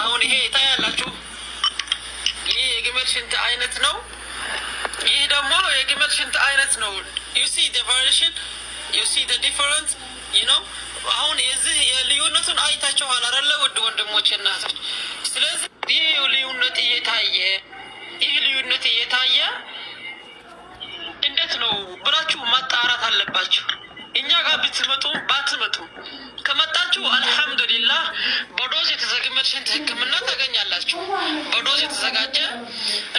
አሁን ይሄ ታያላችሁ፣ ይህ የግመል ሽንት አይነት ነው። ይህ ደግሞ የግመል ሽንት አይነት ነው። ዩ ሲ ቫሪሽን ዩ ሲ ዲፈረንስ ነው። አሁን የዚህ የልዩነቱን አይታችኋል አይደለ? ውድ ወንድሞች እናቶች፣ ስለዚህ ብትመጡ ባትመጡ ከመጣችሁ አልሐምዱሊላህ በዶዝ የተዘገመ ህክምና ታገኛላችሁ። በዶዝ የተዘጋጀ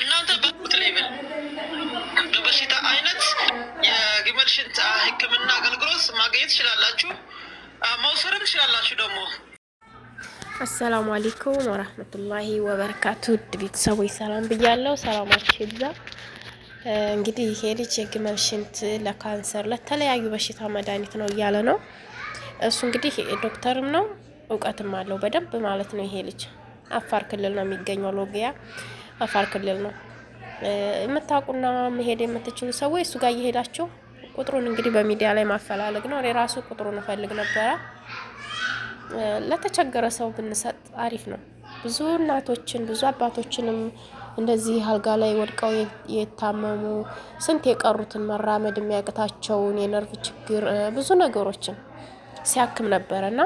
እናንተ በት ሌብል በበሽታ አይነት የግመል ሽንት ህክምና አገልግሎት ማግኘት ትችላላችሁ፣ መውሰድም ትችላላችሁ ደግሞ አሰላሙ አሌይኩም ወረህመቱላሂ ወበረካቱ። ውድ ቤተሰቦች ሰላም ብያለው። ሰላማችሁ ይብዛ። እንግዲህ ይሄ ልጅ የግመል ሽንት ለካንሰር ለተለያዩ በሽታ መድኃኒት ነው እያለ ነው። እሱ እንግዲህ ዶክተርም ነው እውቀትም አለው በደንብ ማለት ነው። ይሄ ልጅ አፋር ክልል ነው የሚገኘው፣ ሎጊያ አፋር ክልል ነው። የምታውቁና መሄድ የምትችሉ ሰዎች እሱ ጋር እየሄዳችሁ ቁጥሩን እንግዲህ በሚዲያ ላይ ማፈላለግ ነው። እኔ ራሱ ቁጥሩን እፈልግ ነበረ። ለተቸገረ ሰው ብንሰጥ አሪፍ ነው። ብዙ እናቶችን ብዙ አባቶችንም እንደዚህ አልጋ ላይ ወድቀው የታመሙ ስንት የቀሩትን መራመድ የሚያቅታቸውን የነርቭ ችግር ብዙ ነገሮችን ሲያክም ነበረ እና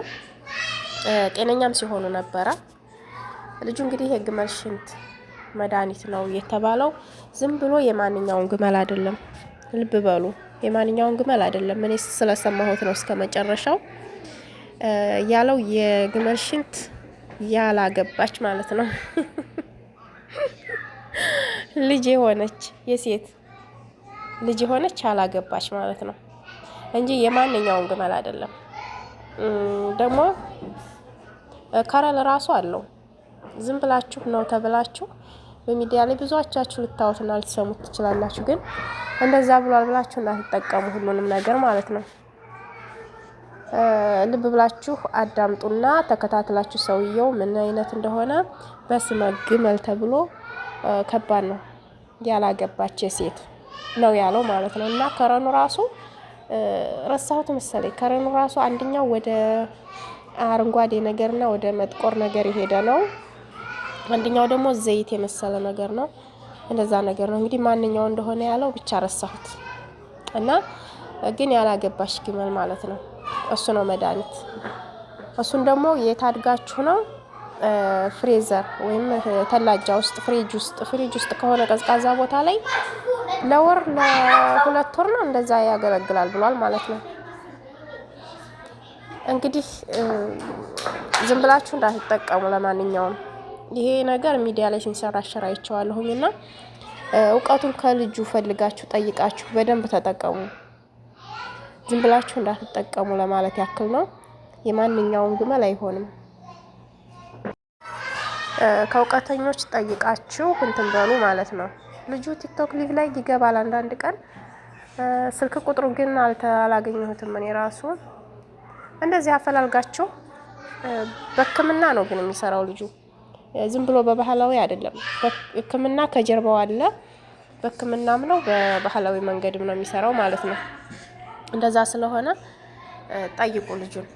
ጤነኛም ሲሆኑ ነበረ። ልጁ እንግዲህ የግመል ሽንት መድኃኒት ነው የተባለው። ዝም ብሎ የማንኛውን ግመል አይደለም፣ ልብ በሉ የማንኛውን ግመል አይደለም። እኔ ስለሰማሁት ነው እስከ መጨረሻው ያለው የግመል ሽንት ያላገባች ማለት ነው። ልጅ የሆነች የሴት ልጅ የሆነች ያላገባች ማለት ነው እንጂ የማንኛውም ግመል አይደለም። ደግሞ ከረል ራሱ አለው። ዝም ብላችሁ ነው ተብላችሁ በሚዲያ ላይ ብዙዎቻችሁ ልታወትና ልትሰሙት ትችላላችሁ። ግን እንደዛ ብሏል ብላችሁ እንዳትጠቀሙ ሁሉንም ነገር ማለት ነው። ልብ ብላችሁ አዳምጡና ተከታትላችሁ ሰውየው ምን አይነት እንደሆነ በስመ ግመል ተብሎ ከባድ ነው። ያላገባች ሴት ነው ያለው ማለት ነው። እና ከረኑ ራሱ ረሳሁት መሰለኝ። ከረኑ ራሱ አንደኛው ወደ አረንጓዴ ነገርና ወደ መጥቆር ነገር የሄደ ነው። አንደኛው ደግሞ ዘይት የመሰለ ነገር ነው። እንደዛ ነገር ነው እንግዲህ ማንኛው እንደሆነ ያለው ብቻ ረሳሁት። እና ግን ያላገባች ግመል ማለት ነው። እሱ ነው መድኃኒት። እሱን ደግሞ የታድጋችሁ ነው ፍሬዘር ወይም ተላጃ ውስጥ ፍሪጅ ውስጥ ፍሪጅ ውስጥ ከሆነ ቀዝቃዛ ቦታ ላይ ለወር ለሁለት ወር ነው እንደዛ ያገለግላል ብሏል ማለት ነው። እንግዲህ ዝም ብላችሁ እንዳትጠቀሙ። ለማንኛውም ይሄ ነገር ሚዲያ ላይ ሲንሰራሸር አይቼዋለሁኝና እውቀቱን ከልጁ ፈልጋችሁ ጠይቃችሁ በደንብ ተጠቀሙ። ዝም ብላችሁ እንዳትጠቀሙ ለማለት ያክል ነው። የማንኛውም ግመል አይሆንም። ከእውቀተኞች ጠይቃችሁ እንትን በሉ ማለት ነው። ልጁ ቲክቶክ ሊቭ ላይ ይገባል አንዳንድ ቀን። ስልክ ቁጥሩ ግን አላገኘሁትም እኔ ራሱ። እንደዚህ አፈላልጋችሁ በህክምና ነው ግን የሚሰራው ልጁ ዝም ብሎ በባህላዊ አይደለም። ህክምና ከጀርባው አለ። በህክምናም ነው በባህላዊ መንገድም ነው የሚሰራው ማለት ነው። እንደዛ ስለሆነ ጠይቁ ልጁን።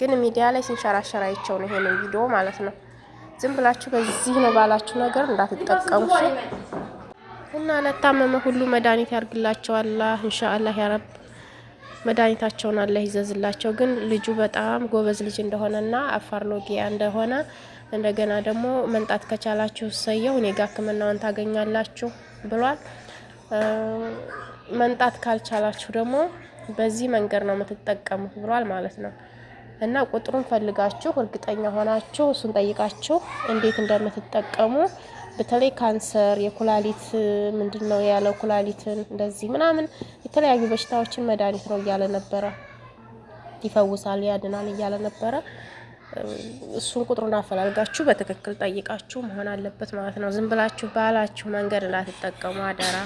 ግን ሚዲያ ላይ ሲንሸራሸር አይቸው ነው ይሄንን ቪዲዮ ማለት ነው። ዝም ብላችሁ በዚህ ነው ባላችሁ ነገር እንዳትጠቀሙ እና ለታመመ ሁሉ መድኃኒት ያርግላቸው አላህ ያረብ መድኃኒታቸውን አለ ይዘዝላቸው። ግን ልጁ በጣም ጎበዝ ልጅ እንደሆነና ሎጊያ እንደሆነ እንደገና ደግሞ መንጣት ከቻላችሁ ሰየው እኔ ጋ ሕክምናውን ታገኛላችሁ ብሏል። መንጣት ካልቻላችሁ ደግሞ በዚህ መንገድ ነው የምትጠቀሙት ብሏል ማለት ነው። እና ቁጥሩን ፈልጋችሁ እርግጠኛ ሆናችሁ እሱን ጠይቃችሁ እንዴት እንደምትጠቀሙ በተለይ ካንሰር፣ የኩላሊት ምንድን ነው ያለው ኩላሊትን እንደዚህ ምናምን የተለያዩ በሽታዎችን መድኃኒት ነው እያለ ነበረ፣ ይፈውሳል፣ ያድናል እያለ ነበረ። እሱን ቁጥሩን አፈላልጋችሁ በትክክል ጠይቃችሁ መሆን አለበት ማለት ነው። ዝም ብላችሁ ባላችሁ መንገድ እንዳትጠቀሙ አደራ።